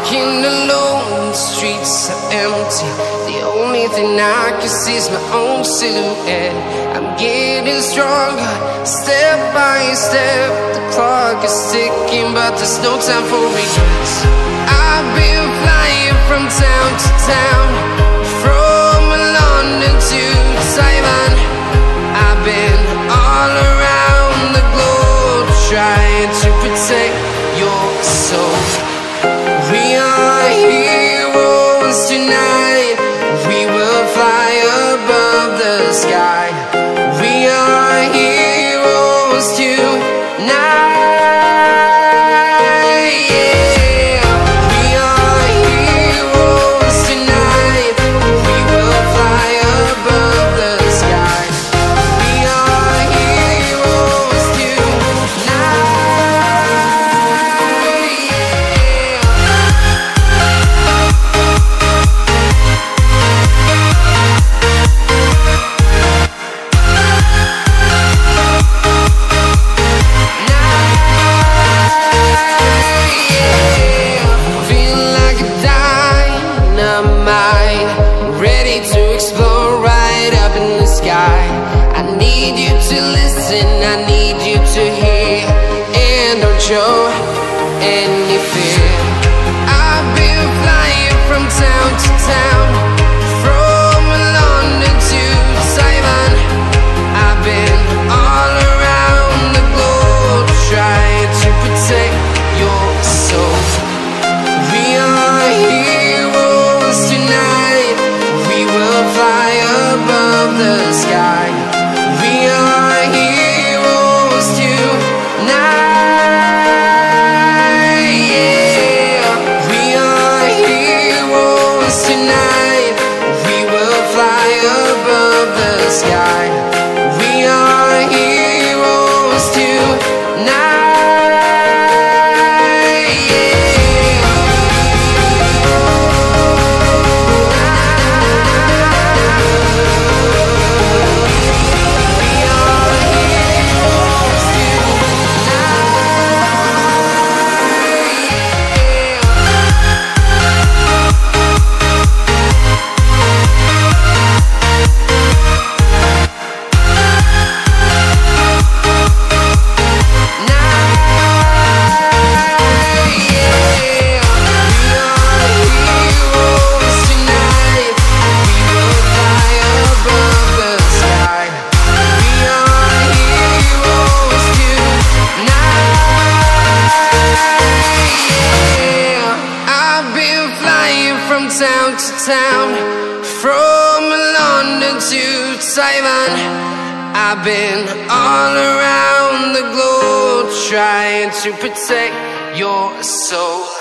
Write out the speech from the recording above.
Walking alone, the streets are empty. The only thing I can see is my own silhouette. I'm getting stronger, step by step. The clock is ticking, but there's no time for regrets. I've been flying from town to town. am I Ready to explore right up in the sky I need you to listen, I need you to hear And don't show any fear town to town, from London to Taiwan. I've been all around the globe trying to protect your soul.